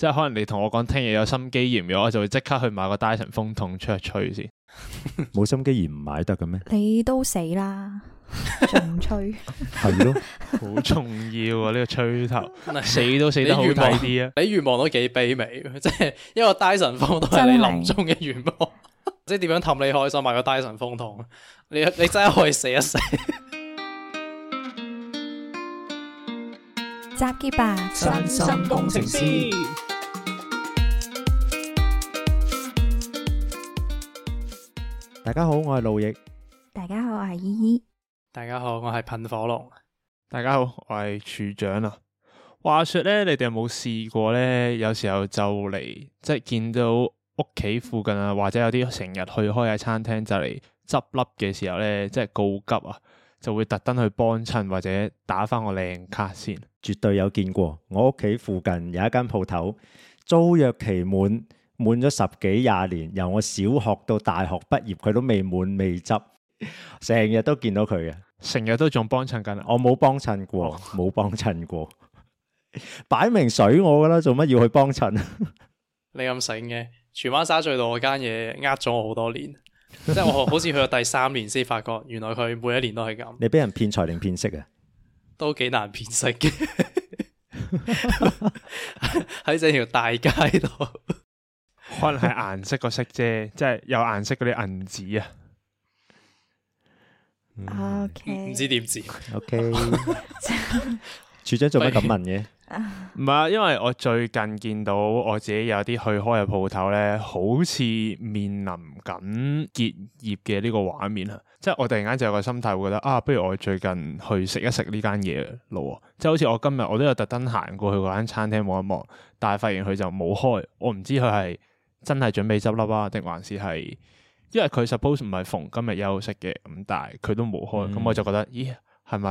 即係可能你同我講聽日有心機嫌咗，我就會即刻去買個 Dyson 風筒吹一吹先。冇心機嫌唔買得嘅咩？你都死啦，仲吹？係咯，好重要啊！呢個吹頭， 死都死得好睇啲啊！你願望都幾卑微，即係一個 Dyson 風筒係你臨終嘅願望。的 即係點樣氹你開心買個 Dyson 風筒？你你真係可以死一死。集結吧，身心工程師。大家好，我係盧奕。大家好，我係姨姨。大家好，我係噴火龍。大家好，我係處長啊。話說咧，你哋有冇試過咧？有時候就嚟，即係見到屋企附近啊，或者有啲成日去開嘅餐廳就嚟執笠嘅時候咧，即係告急啊，就會特登去幫襯或者打翻個靚卡先。絕對有見過，我屋企附近有一間鋪頭租約期滿滿咗十幾廿年，由我小學到大學畢業，佢都滿未滿未執，成日都見到佢嘅，成日都仲幫襯緊。我冇幫襯過，冇幫襯過，擺 明水我噶啦，做乜要去幫襯？你咁醒嘅，荃灣沙咀道嗰間嘢呃咗我好多年，即係我好似去到第三年先發覺，原來佢每一年都係咁。 你俾人騙財定騙色嘅？都幾難騙色嘅，喺整條大街度。 可能係顏色個色啫， 即係有顏色嗰啲銀紙啊。O K，唔知點知。O K，處長做乜咁問嘅？唔係啊，因為我最近見到我自己有啲去開嘅鋪頭咧，好似面臨緊結業嘅呢個畫面啊。即係我突然間就有個心態會覺得啊，不如我最近去食一食呢間嘢路啊。即係好似我今日我都有特登行過去嗰間餐廳望一望，但係發現佢就冇開，我唔知佢係。真係準備執笠啊？定還是係因為佢 suppose 唔係逢今日休息嘅咁，但係佢都冇開，咁、嗯、我就覺得，咦，係咪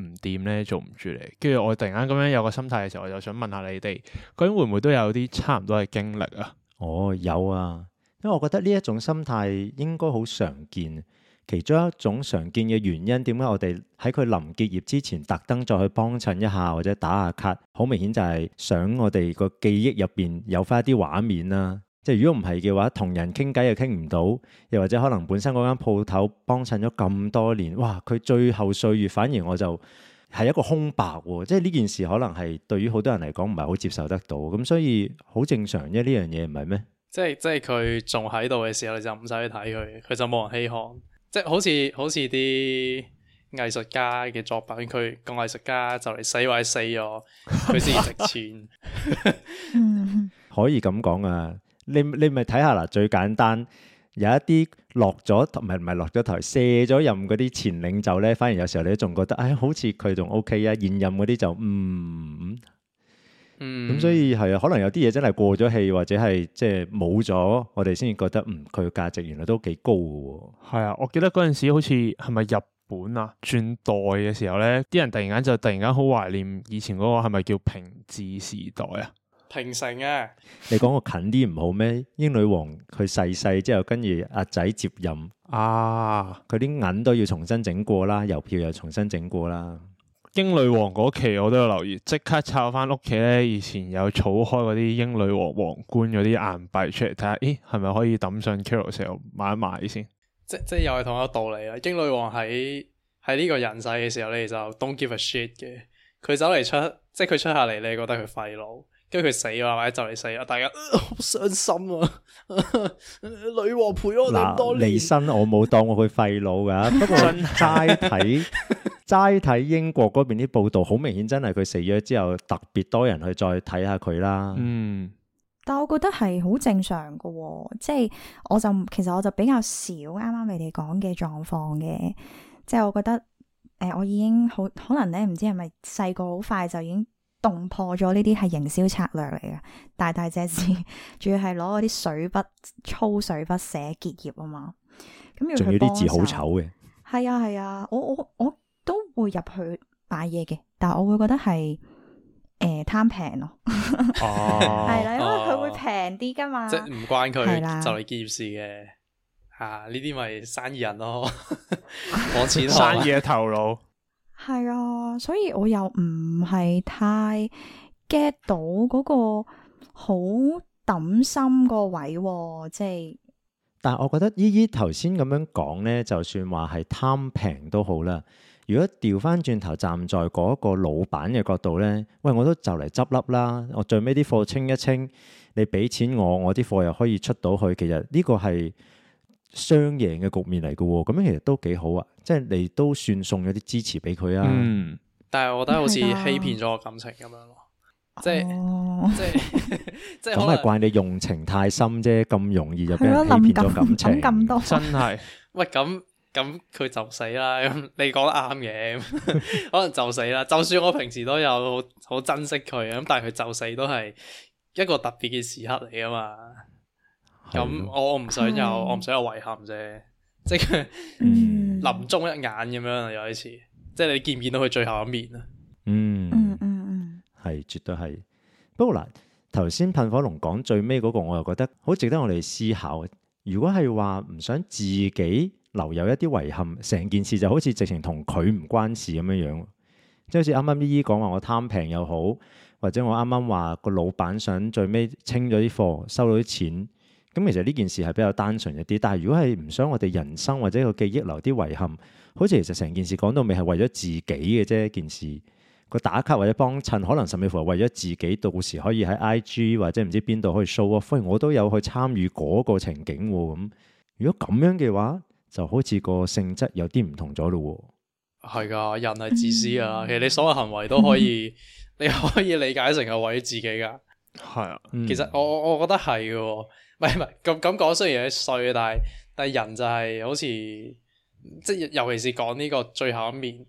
唔掂咧？做唔住嚟？跟住我突然間咁樣有個心態嘅時候，我就想問下你哋，究竟會唔會都有啲差唔多嘅經歷啊？哦，有啊，因為我覺得呢一種心態應該好常見，其中一種常見嘅原因點解我哋喺佢臨結業之前特登再去幫襯一下或者打下卡？好明顯就係想我哋個記憶入邊有翻一啲畫面啦、啊。即係如果唔係嘅話，同人傾偈又傾唔到，又或者可能本身嗰間鋪頭幫襯咗咁多年，哇！佢最後歲月反而我就係一個空白喎，即係呢件事可能係對於好多人嚟講唔係好接受得到，咁所以好正常啫，呢樣嘢唔係咩？即係即係佢仲喺度嘅時候，你就唔使去睇佢，佢就冇人稀罕，即係好似好似啲藝術家嘅作品，佢個藝術家就嚟死壞死咗，佢先值錢，可以咁講啊！你你咪睇下啦，最簡單有一啲落咗，唔係唔係落咗台卸咗任嗰啲前領袖咧，反而有時候你仲覺得，哎，好似佢仲 OK 啊，現任嗰啲就嗯，咁、嗯嗯、所以係啊，可能有啲嘢真係過咗氣，或者係即係冇咗，我哋先至覺得，嗯，佢嘅價值原來都幾高嘅，哦。係啊，我記得嗰陣時好似係咪日本啊，轉代嘅時候咧，啲人突然間就突然間好懷念以前嗰個，係咪叫平治時代啊？平成啊你！你講個近啲唔好咩？英女王佢逝世之後，跟住阿仔接任啊，佢啲銀都要重新整過啦，郵票又重新整過啦。英女王嗰期我都有留意，即刻抄翻屋企咧。以前有儲開嗰啲英女王皇冠嗰啲硬幣出嚟睇下，咦係咪可以抌上 Carousel 買一買先？即即又係同一個道理啊！英女王喺喺呢個人世嘅時候，你就 don't give a shit 嘅。佢走嚟出，即係佢出下嚟，你覺得佢廢佬。跟住佢死啊，或者就嚟死啊！大家、呃、好傷心啊、呃！女王陪我咁多年，嗱，離身我冇當我會費腦噶。 不過齋睇齋睇英國嗰邊啲報道，好明顯真係佢死咗之後，特別多人去再睇下佢啦。嗯，但係我覺得係好正常噶、哦，即、就、係、是、我就其實我就比較少啱啱你哋講嘅狀況嘅，即、就、係、是、我覺得誒、呃，我已經好可能咧，唔知係咪細個好快就已經。凍破咗，呢啲係營銷策略嚟噶，大大隻字，仲要係攞嗰啲水筆粗水筆寫結業啊嘛，咁仲要啲字好醜嘅，係啊係啊，我我我都會入去買嘢嘅，但係我會覺得係誒貪平咯，哦，係啦，因為佢會平啲噶嘛，即係唔關佢，就係結業事嘅，吓，呢啲咪生意人咯，放錢生意嘅頭腦。係啊，所以我又唔係太 get 到嗰個好抌心個位，即係。但係我覺得依姨頭先咁樣講咧，就算話係貪平都好啦。如果調翻轉頭站在嗰個老闆嘅角度咧，喂，我都就嚟執笠啦。我最尾啲貨清一清，你俾錢我，我啲貨又可以出到去。其實呢個係。雙贏嘅局面嚟嘅，咁樣其實都幾好啊，即係你都算送咗啲支持俾佢啊。嗯，但係我覺得好似欺騙咗我感情咁樣咯，即係即係，即係，咁係怪你用情太深啫，咁容易就俾人欺騙咗感情咁多，真係是。 喂，咁咁佢就死啦，咁你講得啱嘅， 可能就死啦。就算我平時都有好珍惜佢，咁但係佢就死都係一個特別嘅時刻嚟啊嘛。咁、嗯嗯、我唔想有，嗯、我唔想有遺憾啫，即、即係、嗯，臨終 一眼咁樣又一次，即係你見唔見到佢最後一面啊？嗯嗯嗯，係絕對係。不過嗱，頭先噴火龍講最尾嗰、嗰個，我又覺得好值得我哋思考。如果係話唔想自己留有一啲遺憾，成件事就好似直情同佢唔關事咁樣樣，即係好似啱啱依依講話我貪平又好，或者我啱啱話個老闆想最尾清咗啲貨，收到啲錢。咁其實呢件事係比較單純一啲，但係如果係唔想我哋人生或者個記憶留啲遺憾，好似其實成件事講到尾係為咗自己嘅啫。件事個打卡或者幫襯，可能甚至乎係為咗自己到時可以喺 IG 或者唔知邊度可以 show 啊。反而我都有去參與嗰個情景喎。咁、嗯、如果咁樣嘅話，就好似個性質有啲唔同咗咯。係噶，人係自私啊。 其實你所有行為都可以， 你可以理解成係為咗自己噶。係啊 的，嗯、其實我我覺得係嘅。唔係唔係咁咁講，雖然係衰，但係但係人就係好似即係尤其是講呢個最後一面，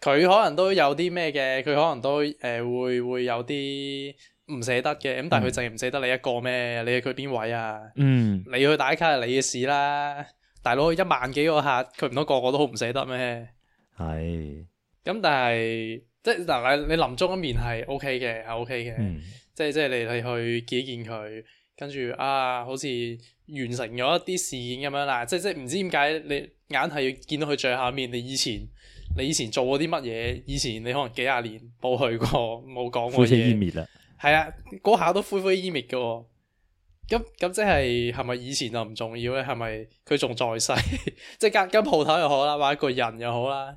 佢可能都有啲咩嘅，佢可能都誒會會有啲唔捨得嘅，咁但係佢淨係唔捨得你一個咩？你係佢邊位啊？嗯，你去打卡係你嘅事啦，大佬，一萬幾個客，佢唔通個個都好唔捨得咩？係。咁但係即係嗱，你你臨終一面係 OK 嘅，係 OK 嘅，即係即係你你去見一見佢。跟住啊，好似完成咗一啲事件咁樣啦，即係即係唔知點解你硬係要見到佢最下面。你以前你以前做過啲乜嘢？以前你可能幾廿年冇去過，冇講過。灰飛煙滅啦。係啊，嗰下都灰灰煙滅嘅。咁咁即係係咪以前就唔重要咧？係咪佢仲在世？ 即係間間鋪頭又好啦，或者一個人又好啦，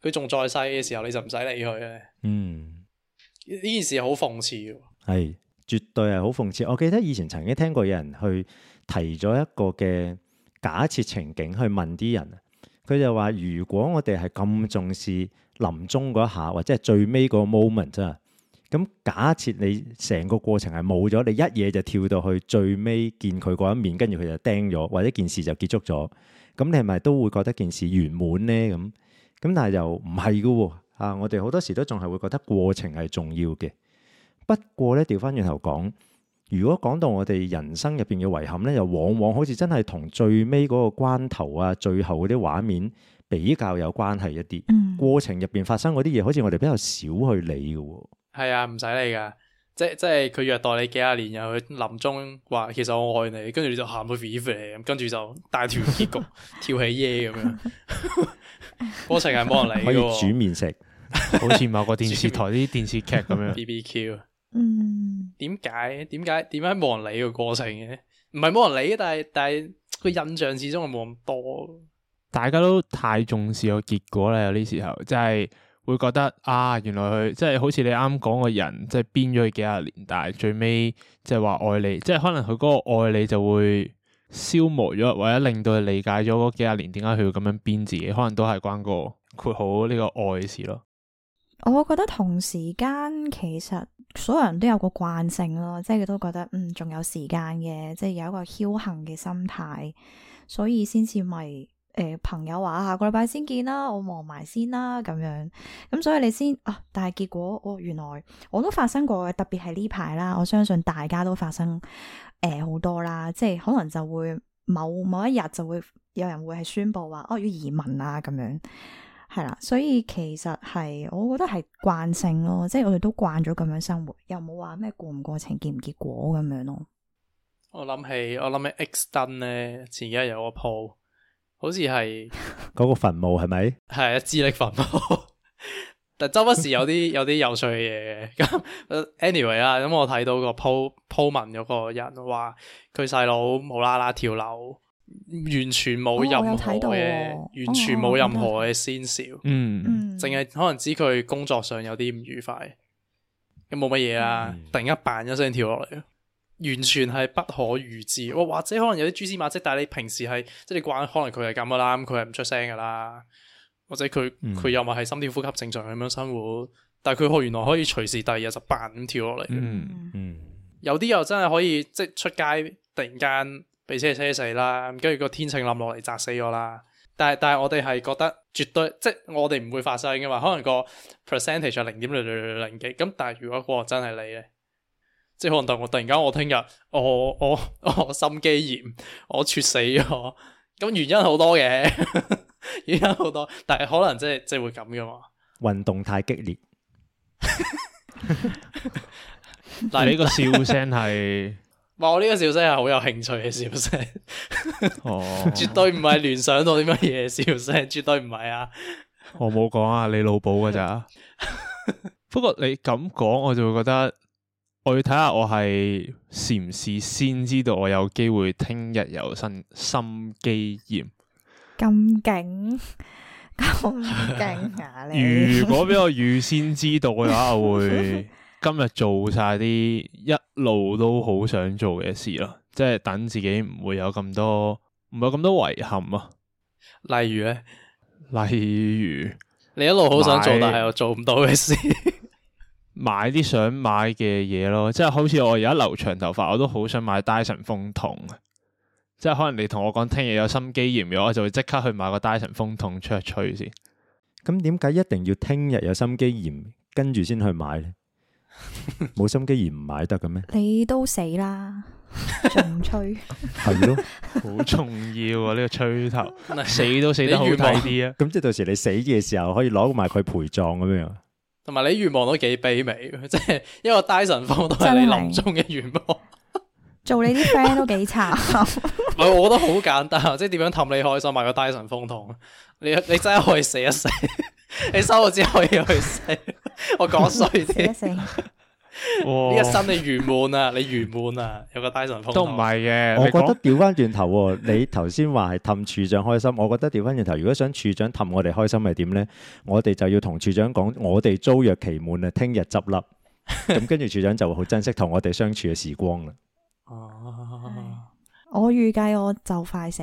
佢仲在世嘅時候你就唔使理佢啊。嗯，呢件事好諷刺嘅。係。絕對係好諷刺。我記得以前曾經聽過有人去提咗一個嘅假設情景，去問啲人，佢就話：如果我哋係咁重視臨終嗰一下，或者係最尾嗰 moment 啫，咁假設你成個過程係冇咗，你一嘢就跳到去最尾見佢嗰一面，跟住佢就釘咗，或者件事就結束咗，咁你係咪都會覺得件事圓滿呢？咁咁，但係又唔係㗎喎，啊！我哋好多時都仲係會覺得過程係重要嘅。不過咧，調翻轉頭講，如果講到我哋人生入邊嘅遺憾咧，又往往好似真係同最尾嗰個關頭啊、最後嗰啲畫面比較有關係一啲。嗯、過程入邊發生嗰啲嘢，好似我哋比較少去理嘅。係啊，唔使理噶，即係即係佢虐待你幾廿年，然後臨終話其實我愛你，跟住你就喊到 r e v e 咁，跟住就大團圓結局，跳起耶咁 樣。過程係冇人理嘅，可以煮麵食， 好似某個電視台啲電視劇咁樣。B B Q。嗯，點解？點解點解冇人理個過程嘅？唔係冇人理，但係但係個印象始終係冇咁多。大家都太重視個結果啦。有啲時候即係、就是、會覺得啊，原來佢即係好似你啱講個人，即係編咗佢幾廿年，但係最尾即係話愛你，即、就、係、是、可能佢嗰個愛你就會消磨咗，或者令到佢理解咗嗰幾廿年，點解佢要咁樣編自己，可能都係關個括好呢個愛事咯。我覺得同時間其實。所有人都有個慣性咯，即係佢都覺得，嗯，仲有時間嘅，即係有一個僥倖嘅心態，所以先至咪誒，朋友話下個禮拜先見啦，我忙埋先啦咁樣，咁、嗯、所以你先啊，但係結果哦，原來我都發生過嘅，特別係呢排啦，我相信大家都發生誒好、呃、多啦，即係可能就會某某一日就會有人會係宣佈話哦要移民啊咁樣。係啦，所以其實係，我覺得係慣性咯，即係我哋都慣咗咁樣生活，又冇話咩過唔過程結唔結果咁樣咯。我諗起我諗起 X 燈咧，前幾日有個鋪，好似係嗰個墳墓，係咪？係啊，資歷墳墓。是是 但周不時有啲有啲有趣嘅嘢。咁 ，anyway 啊、嗯，咁我睇到個鋪鋪文嗰個人話佢細佬無啦啦跳樓。完全冇任何嘅，哦哦、完全冇任何嘅先兆。嗯，淨係可能指佢工作上有啲唔愉快，又冇乜嘢啦。啊嗯、突然間扮一聲跳落嚟，完全係不可預知。或或者可能有啲蛛絲馬跡，但係你平時係即係你慣，可能佢係咁噶啦，咁佢係唔出聲噶啦。或者佢佢、嗯、又咪係心跳呼吸正常咁樣生活，但係佢可原來可以隨時第二日就扮咁跳落嚟。嗯，嗯有啲又真係可以即係出街突然間。俾車車死啦，跟住個天秤冧落嚟砸死咗啦。但係但係我哋係覺得絕對，即係我哋唔會發生嘅嘛。可能個 percentage 係零點零零零幾，咁但係如果果真係你咧，即係可能我突然間我聽日、哦、我我我心肌炎，我猝死咗。咁原因好多嘅， 原因好多，但係可能即係即係會咁嘅嘛。運動太激烈。嗱，你個笑聲係。我呢個笑聲係好有興趣嘅笑聲、oh.，絕對唔係聯想到啲乜嘢笑聲，絕對唔係啊！ 我冇講啊，你腦補㗎咋？ 不過你咁講，我就會覺得我要睇下我係是唔是，是先知道我有機會聽日有新心肌炎咁勁咁勁啊你？啊、 如，如果俾我預先知道嘅話，我會。今日做晒啲一路都好想做嘅事買 咯，即係等自己唔會有咁多唔會有咁多遺憾啊。例如咧，例如你一路好想做，但係又做唔到嘅事，買啲想買嘅嘢咯。即係好似我而家留長頭髮，我都好想買 Dyson 風筒啊。即係可能你同我講聽日有心肌炎嘅，我就會即刻去買個 Dyson 風筒出去吹先。咁點解一定要聽日有心肌炎跟住先去買呢？冇 心機而唔買得嘅咩？你都死啦，仲吹係咯，好重要啊！呢、這個吹頭 死都死得好睇啲啊！咁即係到時你死嘅時候可以攞埋佢陪葬咁樣。同埋你願望都幾卑微，即係一個 Dyson 風筒係你臨終嘅願望。的 做你啲 friend 都幾慘。唔係，我覺得好簡單，即係點樣氹你開心買個 Dyson 風筒。你你真係可以死一死， 你收咗之後可以去死， 我講衰啲，呢哇 一生你圓滿啦，你圓滿啦，有個大神都唔係嘅。你說 我覺得調翻轉頭， 你頭先話係氹處長開心，我覺得調翻轉頭，如果想處長氹我哋開心，係點呢？我哋就要同處長講，我哋租約期滿啦，聽日執笠，咁，跟住處長就會好珍惜同我哋相處嘅時光啦。哦， 我預計我就快死。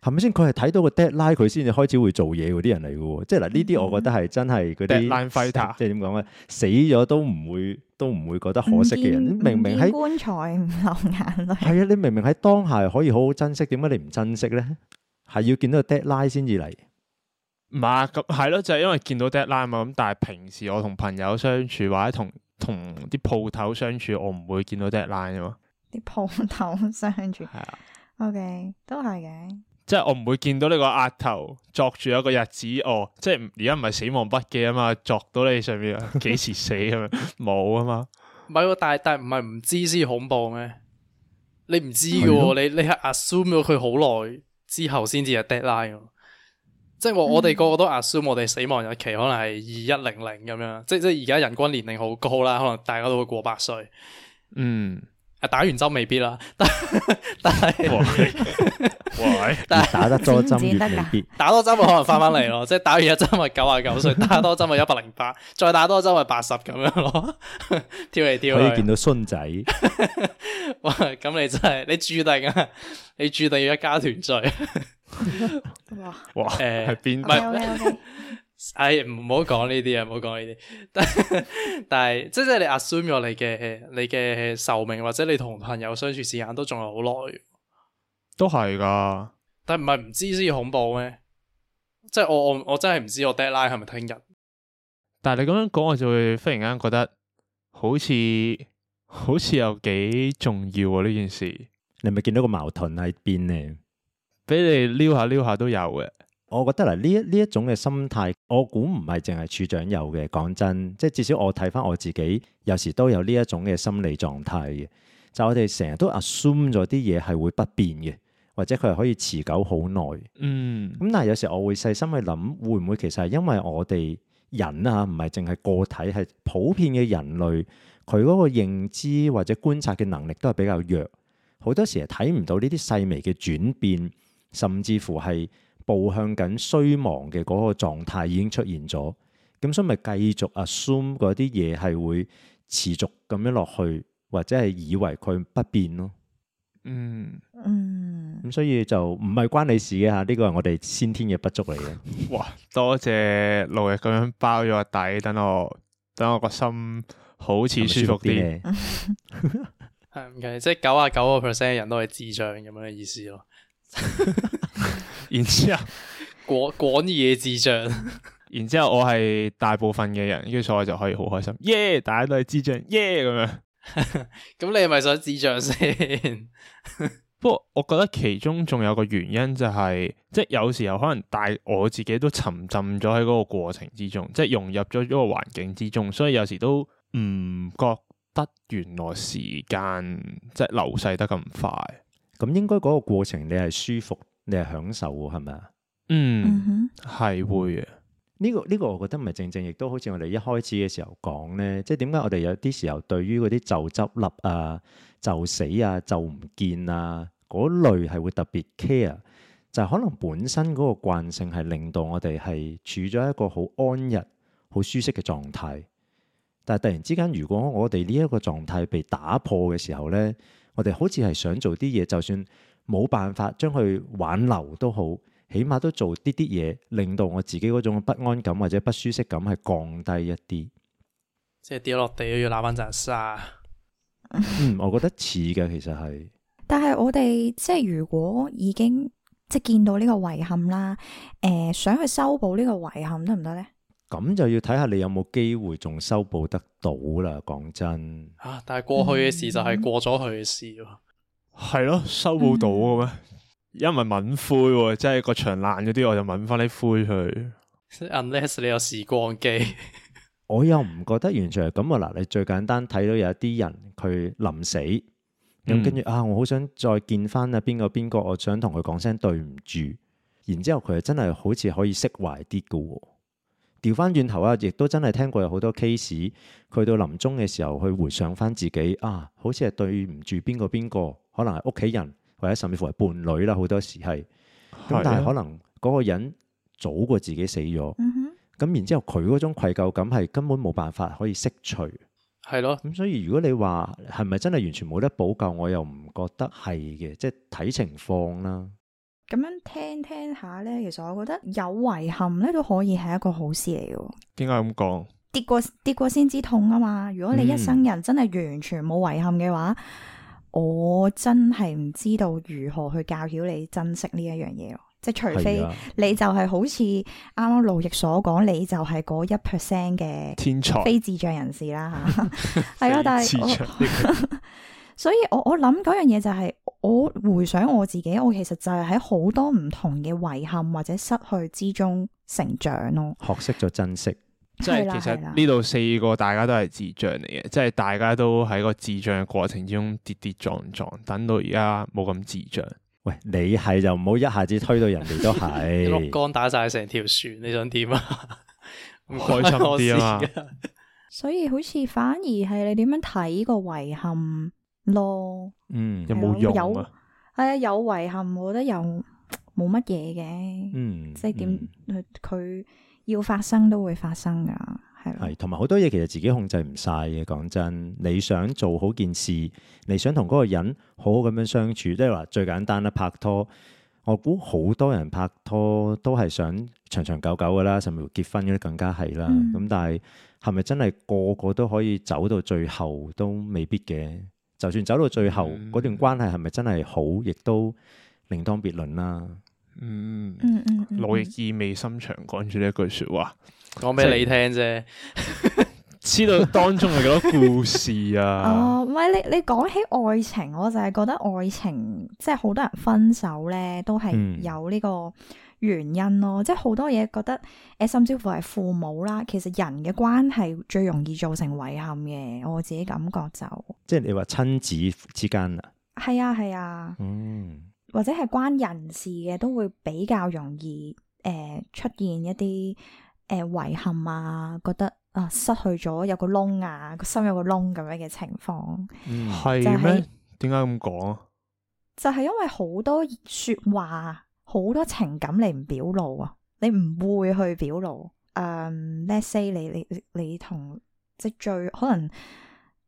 係咪先？佢係睇到個 deadline，佢先至開始會做嘢嗰啲人嚟嘅，即係嗱呢啲，我覺得係真係嗰啲，即係點講咧，死咗都唔會，都唔會覺得可惜嘅人。天明明喺棺材唔流眼淚。係啊，你明明喺當下可以好好珍惜，點解你唔珍惜咧？係要見到個 deadline 先至嚟。嗯嗯就是、嘛，咁係咯，就係因為見到 deadline 啊嘛。咁但係平時我同朋友相處，或者同同啲鋪頭相處，我唔會見到 deadline 啊嘛。啲鋪頭相處係啊。O K，都係嘅。Okay, 即係我唔會見到你個額頭作住一個日子哦，即係而家唔係死亡筆記啊嘛，作到你上面幾時死咁樣冇啊嘛，唔係喎，但係但唔係唔知先恐怖咩？你唔知噶、哦的，你你係 assume 咗佢好耐之後先至係 deadline，即係我我哋個個都 assume 我哋死亡日期可能係二一零零咁樣，嗯、即即係而家人均年齡好高啦，可能大家都會過百歲，嗯。啊！打完針未必啦，但係喂，哇 打得多針未必 打多針咪可能翻翻嚟咯。 即係打完一針咪九啊九歲，打多針咪一百零八，再打多針咪八十咁樣咯，跳嚟跳去。可以見到孫仔， 哇！咁你真係你注定啊，你注定要一家團聚。 哇！誒，係邊？有不唉，唔好講呢啲啊，唔好講呢啲。 但係，即係即係你 assume 咗你嘅你嘅壽命或者你同朋友相處時間都仲係好耐，都係噶。但係唔係唔知先恐怖咩？即係我我我真係唔知我 deadline 係咪聽日。但係你咁樣講，我就會忽然間覺得好似好似有幾重要啊呢件事。你係咪見到個矛盾喺邊呢？俾你撩下撩下都有嘅。我覺得啦，呢一呢一種嘅心態，我估唔係淨係處長有嘅。講真，即係至少我睇返我自己，有時都有呢一種嘅心理狀態嘅，就我哋成日都 assume 咗啲嘢係會不變嘅，或者佢係可以持久好耐。嗯，咁但係有時我會細心去諗，會唔會其實係因為我哋人啊，唔係淨係個體，係普遍嘅人類佢嗰個認知或者觀察嘅能力都係比較弱，好多時係睇唔到呢啲細微嘅轉變，甚至乎係，步向緊衰亡嘅嗰個狀態已經出現咗，咁所以咪繼續 assume 嗰啲嘢係會持續咁樣落去，或者係以為佢不變咯。嗯嗯，咁所以就唔係關你事嘅嚇，呢個係我哋先天嘅不足嚟嘅。哇，多謝六日咁樣包咗個底，等我等我個心好似舒服啲。係唔係？即係九啊九個 percent 嘅人都係智障咁樣嘅意思咯。然之後廣 廣嘢，智障 ，然之後我係大部分嘅人，跟住所以我就可以好開心，耶、yeah！大家都係智障，耶、yeah！咁樣，咁 你係咪想智障先 ？ 不過我覺得其中仲有個原因就係、是，即係有時候可能大，但我自己都沉浸咗喺嗰個過程之中，即係融入咗一個環境之中，所以有時都唔覺得原來時間即係流逝得咁快。咁、嗯、應該嗰個過程你係舒服。你係享受喎，係咪啊？嗯，係會啊。呢個呢個，這個、我覺得唔係正正，亦都好似我哋一開始嘅時候講咧。即係點解我哋有啲時候對於嗰啲就執笠啊、就死啊、就唔見啊嗰類係會特別 care？就係可能本身嗰個慣性係令到我哋係處咗一個好安逸、好舒適嘅狀態。但係突然之間，如果我哋呢一個狀態被打破嘅時候咧，我哋好似係想做啲嘢，就算，冇辦法將佢挽留都好，起碼都做啲啲嘢，令到我自己嗰種不安感或者不舒適感係降低一啲。即係跌落地都要攞翻隻沙 、嗯。我覺得似嘅其實係。但係我哋即係如果已經即係見到呢個遺憾啦，誒、呃，想去修補呢個遺憾得唔得咧？咁就要睇下你有冇機會仲修補得到啦。講真。啊！但係過去嘅事就係過咗去嘅事。係咯，收冇到嘅咩？因為敏灰，即係個牆爛咗啲，我就敏翻啲灰去。 Unless 你有時光機， 我又唔覺得完全係咁啊！嗱，你最簡單睇到有一啲人佢臨死咁，跟住、嗯、啊，我好想再見翻啊邊個邊個，我想同佢講聲對唔住，然之後佢真係好似可以釋懷啲㗎。調翻轉頭啊，亦都真係聽過有好多 case，去到臨終嘅時候去回想翻自己啊，好似係對唔住邊個邊個，可能係屋企人或者甚至乎係伴侶啦，好多時係。咁的但係可能嗰個人早過自己死咗，咁、嗯、哼然之後佢嗰種愧疚感係根本冇辦法可以釋除。係咯的。咁所以如果你話係咪真係完全冇得補救，我又唔覺得係嘅，即係睇情況啦。咁樣聽聽下呢，其實我覺得有遺憾咧都可以係一個好事嚟嘅。點解咁講？跌過跌過先知痛啊嘛！如果你一生人真係完全冇遺憾嘅話，嗯、我真係唔知道如何去教曉你珍惜呢一樣嘢。即係除非你就係好似啱啱盧奕所講，你就係嗰一 percent 嘅天才，非智障人士啦。係啊才，但係。 所以我我諗嗰樣嘢就係我回想我自己，我其實就係喺好多唔同嘅遺憾或者失去之中成長咯。學識咗珍惜，即係其實呢度四個大家都係智障嚟嘅，即係大家都喺個智障嘅過程中跌跌撞撞，等到而家冇咁智障。喂，你係就唔好一下子推到人哋都係， 光打晒成條船，你想點啊？ 開心啲啊！所以好似反而係你點樣睇個遺憾？咯，嗯，有冇用啊？係啊、哎，有遺憾，我覺得又冇乜嘢嘅，嗯，即係點佢要發生都會發生噶，係係，同埋好多嘢其實自己控制唔晒嘅，講真，你想做好件事，你想同嗰個人好好咁樣相處，即係話最簡單啦，拍拖，我估好多人拍拖都係想長長久久噶啦，甚至乎結婚嗰啲更加係啦，咁、嗯、但係係咪真係個個都可以走到最後都未必嘅？就算走到最後，嗰、嗯、段關係係咪真係好，亦都另當別論啦。嗯嗯，我亦意味深長講住呢一句説話，講俾、就是、你聽啫。 知道當中係幾多故事啊？哦、 呃，唔係，你你講起愛情，我就係覺得愛情即係好多人分手咧，都係有呢、這個。嗯原因咯，即係好多嘢覺得，誒，甚至乎係父母啦。其實人嘅關係最容易造成遺憾嘅，我自己感覺就即係你話親子之間啊，係啊係啊，啊嗯，或者係關人事嘅都會比較容易，誒、呃，出現一啲誒遺憾啊，覺得啊、呃、失去咗有個窿啊，個心有個窿咁樣嘅情況，係咩、嗯？點解咁講？就係、是、因為好多說話。好多情感你唔表露啊，你唔會去表露。誒、um，let's say 你你你，你同即最可能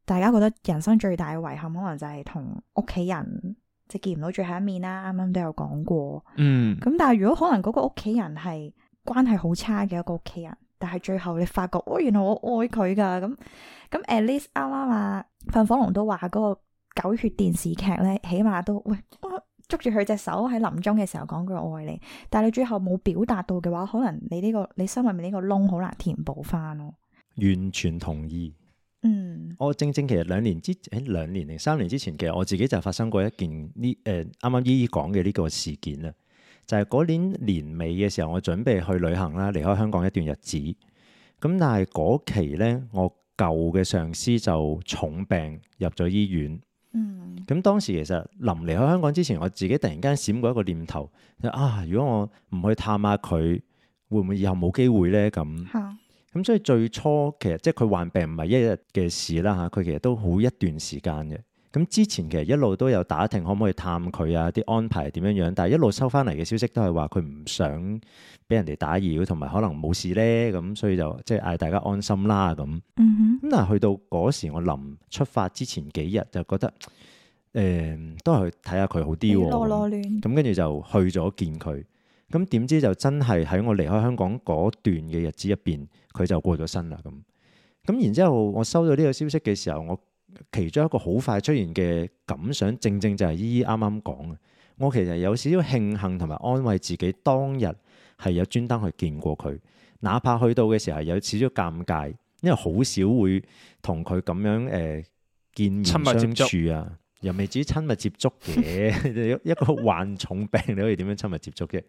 大家覺得人生最大嘅遺憾，可能就係同屋企人即見唔到最後一面啦。啱啱都有講過。嗯，咁但係如果可能嗰個屋企人係關係好差嘅一個屋企人，但係最後你發覺，哦，原來我愛佢㗎。咁咁 at least 啱啱啊，噴火龍都話嗰、那個狗血電視劇咧，起碼都喂。捉住佢隻手喺臨終嘅時候講句愛你，但係你最後冇表達到嘅話，可能你呢、這個你心入面呢個窿好難填補翻咯。完全同意。嗯，我正正其實兩年之喺兩、哎、兩年零三年之前，其實我自己就發生過一件呢誒啱啱姨姨講嘅呢個事件啦。就係、是、嗰年年尾嘅時候，我準備去旅行啦，離開香港一段日子。咁但係嗰期咧，我舊嘅上司就重病入咗醫院。嗯，咁當時其實臨離開香港之前，我自己突然間閃過一個念頭，就啊，如果我唔去探下佢，會唔會以後冇機會咧？咁，咁、嗯嗯、所以最初其實即係佢患病唔係一日嘅事啦嚇，佢、啊、其實都好一段時間嘅。咁之前其實一路都有打聽可唔可以探佢啊，啲安排點樣樣？但係一路收翻嚟嘅消息都係話佢唔想俾人哋打擾，同埋可能冇事咧，咁所以就即係嗌大家安心啦咁。嗯哼。咁但係去到嗰時我臨出發之前幾日就覺得，誒、呃、都係去睇下佢好啲喎。咁跟住就去咗見佢。咁點知就真係喺我離開香港嗰段嘅日子入邊，佢就過咗身啦咁。咁然之後我收到呢個消息嘅時候，我其中一個好快出現嘅感想，正正就係依依啱啱講嘅。我其實有少少慶幸同埋安慰自己，當日係有專登去見過佢，哪怕去到嘅時候有少少尷尬，因為好少會同佢咁樣誒見面相處啊，又未至於親密接觸嘅， 一個患重病，你可以點樣親密接觸嘅？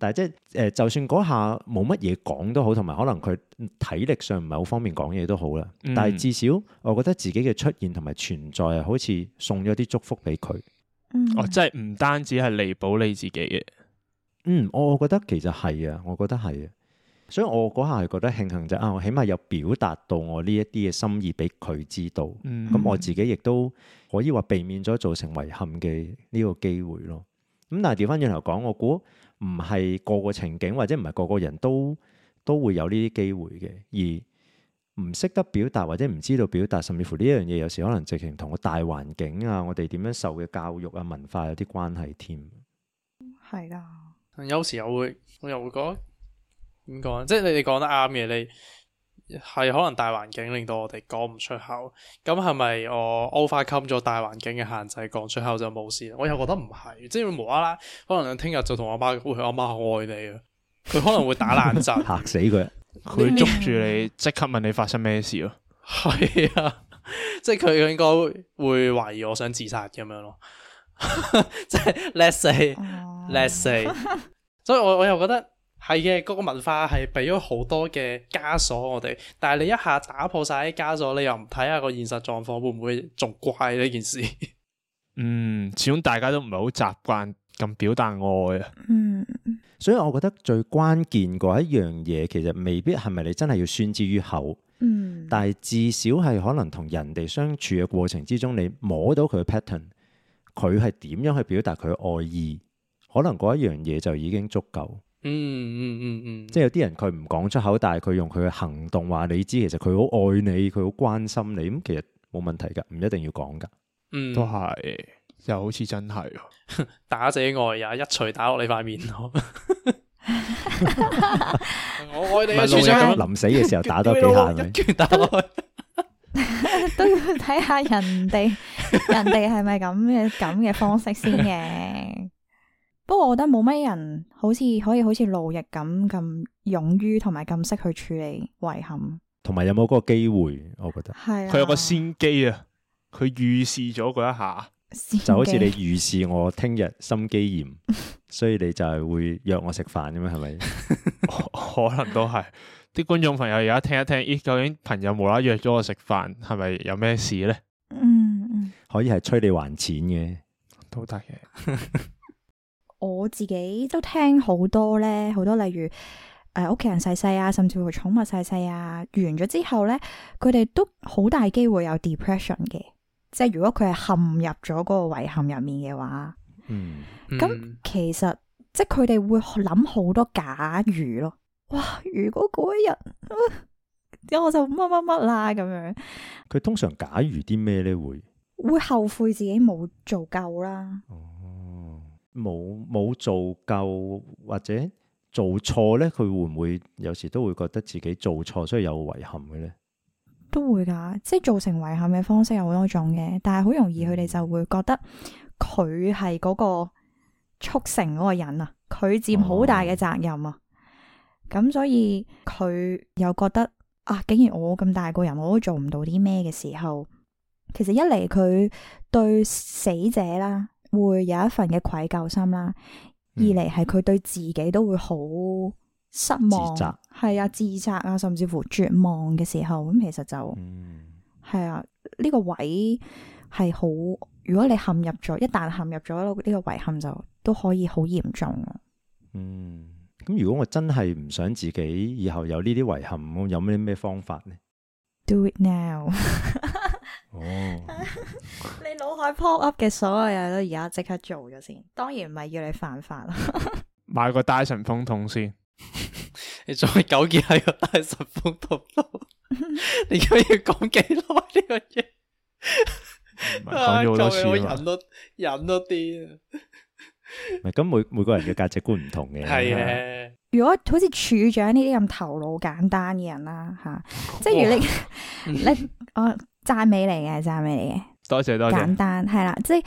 但係即係誒、呃，就算嗰下冇乜嘢講都好，同埋可能佢體力上唔係好方便講嘢都好啦。嗯、但係至少我覺得自己嘅出現同埋存在啊，好似送咗啲祝福俾佢。哦、嗯，即係唔單止係彌補你自己嘅。嗯，我我覺得其實係啊，我覺得係啊，所以我嗰下係覺得慶幸就係，啊，我起碼有表達到我呢一啲嘅心意俾佢知道。嗯，咁、嗯、我自己亦都可以話避免咗造成遺憾嘅呢個機會咯。咁、嗯、但係調翻轉頭講，我估。唔係個個情景或者唔係個個人都都會有呢啲機會嘅，而唔識得表達或者唔知道表達，甚至乎呢樣嘢有時可能直情同個大環境啊，我哋點樣受嘅教育啊、文化有啲關係添。係啦的，時有時又會我又會講點講，即係你哋講得啱嘅你。你係可能大環境令到我哋講唔出口，咁係咪我 overcome 咗大環境嘅限制講出口就冇事？我又覺得唔係，即係無啦啦，可能聽日就同阿媽講，阿媽愛你啊，佢可能會打冷震， 嚇死佢他，佢捉住你即刻問你發生咩事咯，係 啊，即係佢應該會懷疑我想自殺咁樣咯， 即係 let’s say，let’s say，, Let’s say. S、啊、所以我我又覺得。係嘅，嗰、那個文化係俾咗好多嘅枷鎖我哋，但係你一下打破晒啲枷鎖，你又唔睇下個現實狀況會唔會作怪呢件事？ 嗯，始終大家都唔係好習慣咁表達愛啊。嗯，所以我覺得最關鍵嗰一樣嘢，其實未必係咪你真係要宣之於口。嗯。但係至少係可能同人哋相處嘅過程之中，你摸到佢 pattern，佢係點樣去表達佢愛意，可能嗰一樣嘢就已經足夠。嗯嗯嗯嗯，嗯嗯，即係有啲人佢唔講出口，但係佢用佢嘅行動話你知，其實佢好愛你，佢好關心你，咁其實冇問題噶，唔一定要講噶，嗯、都係又好似真係，打者愛也一錘打落你塊面咯，我愛你，係路上，臨死嘅時候 打多幾下打落去，都要睇下人哋 人哋係咪咁嘅咁嘅方式先嘅。笑 不過我覺得冇咩人好似可以好似勞役咁咁勇於同埋咁識去處理遺憾，同埋有冇嗰個機會？我覺得係佢、啊、有個先機啊，佢預示咗嗰一下，機就好似你預示我聽日心肌炎， 所以你就係會約我食飯咁樣，係咪？ 可能都係。啲觀眾朋友而家聽一聽，咦？究竟朋友無啦啦約咗我食飯，係咪有咩事咧、嗯？嗯，可以係催你還錢嘅，都得嘅。我自己都聽好多咧，好多例如誒，屋、呃、企人逝世啊，甚至乎寵物逝世啊，完咗之後咧，佢哋都好大機會有 depression 嘅，即係如果佢係陷入咗嗰個遺憾入面嘅話，嗯，嗯，咁其實即係佢哋會諗好多假如咯，哇，如果嗰一日，咁、啊、我就乜乜乜啦咁樣。佢通常假如啲咩咧，會會後悔自己冇做夠啦。哦冇冇做夠或者做錯咧，佢會唔會有時都會覺得自己做錯，所以有遺憾嘅咧，都會噶，即係造成遺憾嘅方式有好多種嘅，但係好容易佢哋就會覺得佢係嗰個促成嗰個人啊，佢佔好大嘅責任啊，咁、哦、所以佢又覺得啊，竟然我咁大個人，我都做唔到啲咩嘅時候，其實一嚟佢對死者啦。會有一份嘅愧疚心啦，嗯、二嚟係佢對自己都會好失望，自責，係啊，自責啊，甚至乎絕望嘅時候，咁其實就，係、嗯、啊，呢、這個位係好，如果你陷入咗，一旦陷入咗呢個遺憾，就都可以好嚴重啊。嗯，咁如果我真係唔想自己以後有呢啲遺憾，有咩咩方法呢？Do it now. 哦，oh. 你腦海 pop up 嘅所有嘢都而家即刻做咗先，當然唔係要你犯法啦。 買個 Dyson 風筒先， 你仲係糾結喺個 Dyson 風筒度？ 你今日要講幾耐呢個嘢？講咗好多次嘛。忍多忍多啲啊！唔係咁每每個人嘅價值觀唔同嘅。係啊 的，如果好似處長呢啲咁頭腦簡單嘅人啦，吓、啊啊，即係如你哇 你我。讚美嚟嘅，讚美嚟嘅。多謝多謝。簡單係啦謝，即係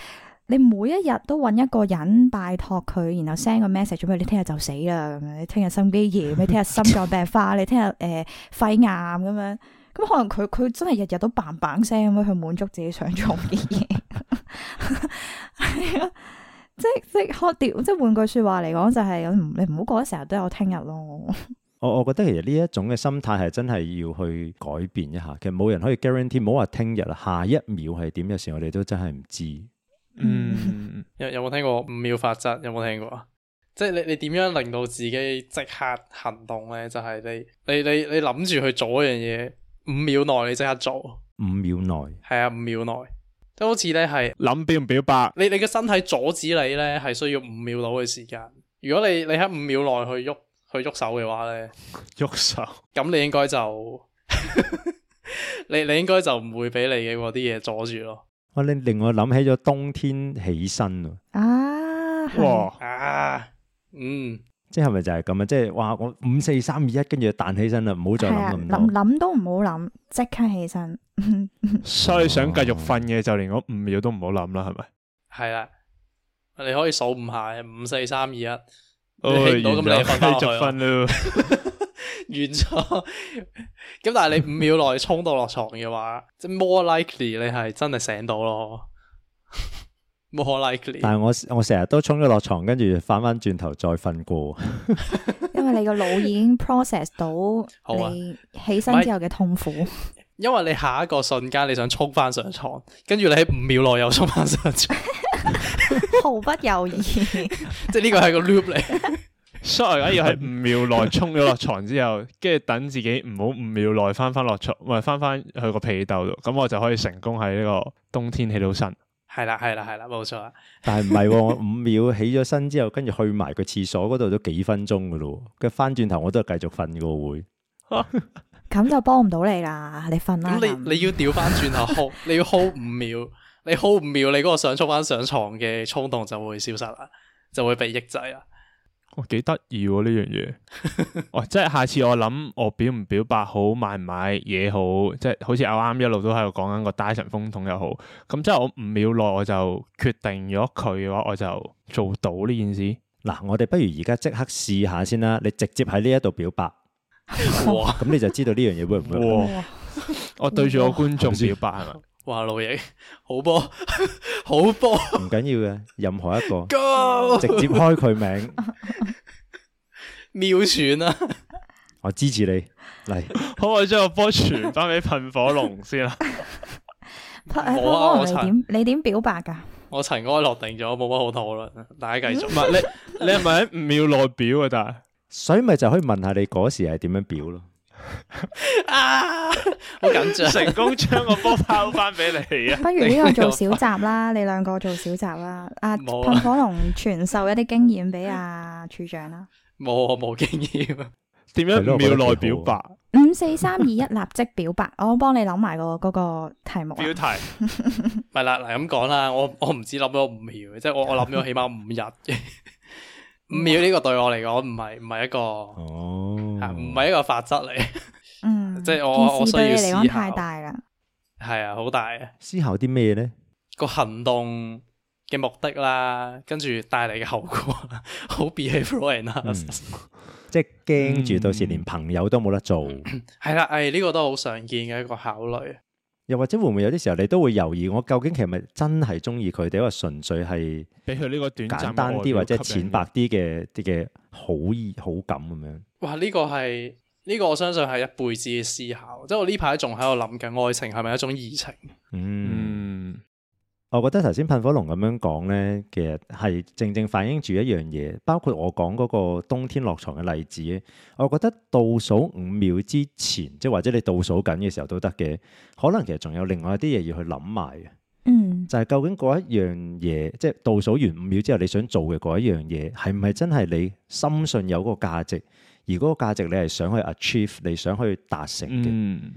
你每一日都揾一個人拜託佢，然後 send 個 message 俾你聽日就死啦，咁樣你聽日心肌炎，你聽日心臟病發，你聽日誒肺癌咁樣，咁可能佢佢真係日日都 bang bang 聲咁去滿足自己想做嘅嘢。係啊，即係即係可調，即係換句話說話嚟講就係、是，你唔好講成日都有聽日咯。我我覺得其實呢一種嘅心態係真係要去改變一下，其實冇人可以 guarantee，唔好話聽日啊，下一秒係點嘅事，有時候我哋都真係唔知。嗯， 有有冇聽過五秒法則？有冇聽過啊？即係你你點樣令到自己即刻行動呢？就係、是、你你你你諗住去做一樣嘢，五秒內你即刻做。五秒內。係啊，五秒內，即係好似咧係諗表唔表白，你你嘅身體阻止你呢係需要五秒到嘅時間。如果你你喺五秒內去喐。去喐手嘅話咧，喐手，咁你應該就 你你應該就唔會俾你嘅啲嘢阻住咯。你我令令我諗起咗冬天起身啊，哇啊，嗯，即係咪就係咁啊？即係話我五四三二一，跟住彈起身啦，唔好再諗，諗都唔好諗，即刻起身。 所以想繼續瞓嘅，就連我五秒都唔好諗啦，係咪？係啦，哦，你可以數唔下五四三二一。5, 4, 3, 3, 4, 3, 4, 3. 哦，咁你瞓翻再瞓咯，完咗了。咁但係你五秒內衝到落床嘅話， 即係 more likely 你係真係醒到咯。 More likely。但係我我成日都衝咗落床，跟住翻翻轉頭再瞓過。 因為你個腦已經 process 到你起身之後嘅痛苦。Mike, 因為你下一個瞬間你想衝翻上床，跟住你喺五秒內又衝翻上床。 毫不猶豫，即係呢個係個 loop 嚟。sorry，要喺五秒內衝咗落床之後，跟住等自己唔好五秒內翻翻落床，唔係翻翻去個被竇度，咁我就可以成功喺呢個冬天起到身。係 啦，係啦，係啦，冇錯啊但、喔！但係唔係我五秒起咗身之後，跟住去埋個廁所嗰度都幾分鐘噶咯，佢翻轉頭我都係繼續瞓噶會。咁 就幫唔到你啦，你瞓啦。咁 你你要調翻轉頭 hold， 你要 hold 五秒。你 hold 五秒，你嗰個想衝翻上床嘅衝動就會消失啦，就會被抑制啦。哇，幾得意喎呢樣嘢！哇，即係下次我諗我表唔表白好買唔買嘢好，即係好似啱啱一路都喺度講緊個 Dyson 風筒又好，咁即係我五秒內我就決定咗佢嘅話，我就做到呢件事。嗱，我哋不如而家即刻試下先啦，你直接喺呢一度表白，咁你就知道呢樣嘢會唔會？我對住個觀眾表白係嘛？話老影，好波，好波，唔緊要嘅，任何一個，Go! 直接開佢名，妙傳 啊！我支持你，嚟，可唔可以將個波傳翻俾噴火龍先啦？ 噴好啊，我陳陳，你點表白噶、啊？我陳安塵埃落定咗，冇乜好討論，大家繼續。唔係 你，你係咪喺五秒內表啊？但係， 所以咪就可以問下你嗰時係點樣表咯。啊！好緊張，成功將個波拋翻俾你啊！不如呢個做小集啦，你兩個做小集啦。阿噴火龍傳授一啲經驗俾阿處長啦。冇，我冇經驗。點樣秒內表白？五四三二一，立即表白！我幫你諗埋個嗰個題目。標題。咪啦，嗱咁講啦，我我唔知諗咗五秒，即係我我諗咗起碼五日。五秒呢個對我嚟講唔係唔係一個哦，唔係、啊、一個法則嚟？嗯，即係 我我對你嚟講 太大啦，係啊，好大。啊。思考啲咩咧？個行動嘅目的啦，跟住帶嚟嘅後果， 好 behaviour 啊， 即係驚住到時連朋友都冇得做，嗯。係啦， 誒、哎、呢、這個都好常見嘅一個考慮。又或者會唔會有啲時候你都會猶豫，我究竟其實係咪真係中意佢？定係純粹係俾佢呢個短簡單啲或者淺白啲嘅啲嘅好熱好感咁樣？哇！呢、呢個係呢、呢個我相信係一輩子嘅思考。即係我呢排仲喺度諗緊，愛情係咪一種熱情？嗯。我覺得頭先噴火龍咁樣講咧，其實係正正反映住一樣嘢，包括我講嗰個冬天落床嘅例子。我覺得倒數五秒之前，即或者你倒數緊嘅時候都得嘅，可能其實仲有另外一啲嘢要去諗埋嘅。嗯，就係究竟嗰一樣嘢，即係倒數完五秒之後你想做嘅嗰一樣嘢，係唔係真係你深信有嗰個價值，而嗰個價值你係想去 achieve，你想去達成嘅？嗯。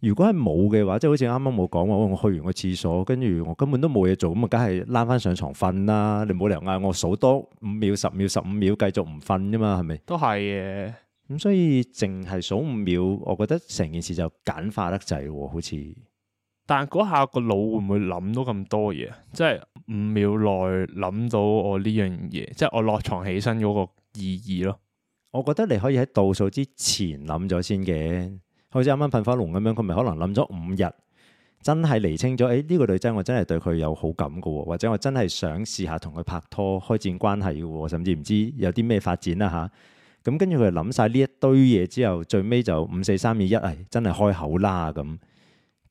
如果係冇嘅話，即係好似啱啱我講話，我去完個廁所，跟住我根本都冇嘢做，咁啊，梗係躝翻上床瞓啦！你冇理由嗌我數多五秒、十秒、十五秒繼，繼續唔瞓啫嘛？係咪是、嗯？都係嘅。咁所以淨係數五秒，我覺得成件事就簡化得滯，好似。但嗰下個腦會唔會諗到咁多嘢？即係五秒內諗到我呢樣嘢，即係我落床起身嗰個意義咯。我覺得你可以喺倒數之前諗咗先嘅。好似啱啱噴火龍咁樣，佢咪可能諗咗五日，真係釐清咗？誒、哎、呢、這個女仔，我真係對佢有好感嘅喎、哦，或者我真係想試下同佢拍拖、開展關係嘅喎、哦，甚至唔知有啲咩發展啦、啊、吓，咁、嗯、跟住佢諗晒呢一堆嘢之後，最尾就五四三二一，係、哎、真係開口啦咁。咁、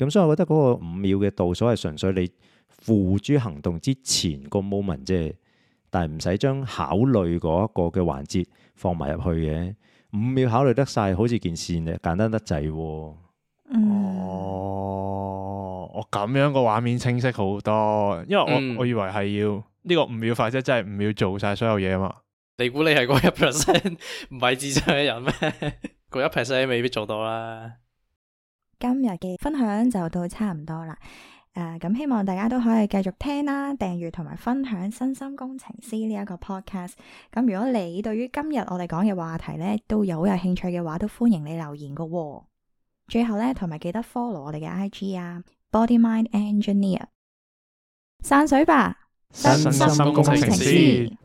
嗯、所以我覺得嗰個五秒嘅倒數係純粹你付諸行動之前個 moment 啫，但係唔使將考慮嗰一個嘅環節放埋入去嘅。五秒考慮得晒，好似件事嘅簡單得滯。哦、嗯，oh, 我咁樣個畫面清晰好多，因為我我以為係要呢、嗯、個五秒快，即係真係五秒做晒所有嘢啊嘛。你估你係嗰一 percent 唔係智障嘅人咩？嗰一 percent 未必做到啦。今日嘅分享就到差唔多啦。誒，咁、啊、希望大家都可以繼續聽啦，訂閱同埋分享《身心工程師》呢、這、一個 Podcast。咁如果你對於今日我哋講嘅話題咧都有興趣嘅話，都歡迎你留言噶、哦。最後呢，同埋記得 follow 我哋嘅 IG 啊，Body Mind Engineer。散水吧，身心工程師。